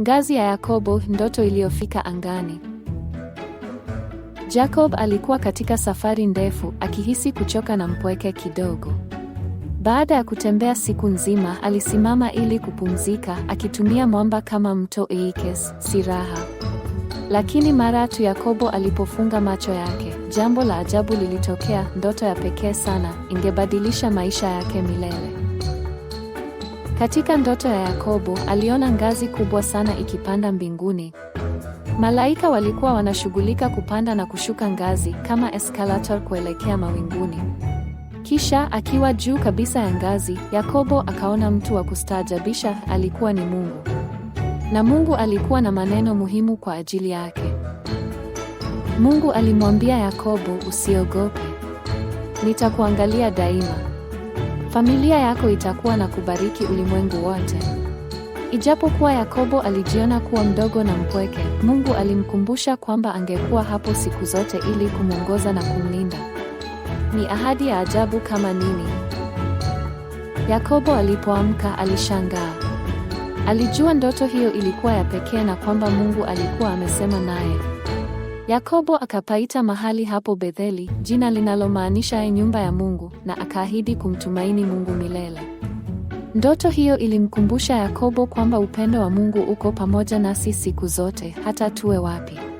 Ngazi ya Yakobo, ndoto iliyofika angani. Jacob alikuwa katika safari ndefu, akihisi kuchoka na mpweke kidogo. Baada ya kutembea siku nzima, alisimama ili kupumzika, akitumia mwamba kama mto eikes, si raha. Lakini mara tu Yakobo alipofunga macho yake, jambo la ajabu lilitokea, ndoto ya pekee sana, ingebadilisha maisha yake milele. Katika ndoto ya Yakobo, aliona ngazi kubwa sana ikipanda mbinguni. Malaika walikuwa wanashughulika kupanda na kushuka ngazi kama escalator kuelekea mawinguni. Kisha akiwa juu kabisa ya ngazi, Yakobo akaona mtu wa kustaajabisha, alikuwa ni Mungu. Na Mungu alikuwa na maneno muhimu kwa ajili yake. Mungu alimwambia Yakobo, usiogope. Nitakuangalia daima familia yako itakuwa na kubariki ulimwengu wote. Ijapokuwa Yakobo alijiona kuwa mdogo na mpweke, Mungu alimkumbusha kwamba angekuwa hapo siku zote ili kumwongoza na kumlinda. Ni ahadi ya ajabu kama nini! Yakobo alipoamka alishangaa. Alijua ndoto hiyo ilikuwa ya pekee na kwamba Mungu alikuwa amesema naye. Yakobo akapaita mahali hapo Betheli, jina linalomaanisha e nyumba ya Mungu, na akaahidi kumtumaini Mungu milele. Ndoto hiyo ilimkumbusha Yakobo kwamba upendo wa Mungu uko pamoja nasi siku zote, hata tuwe wapi.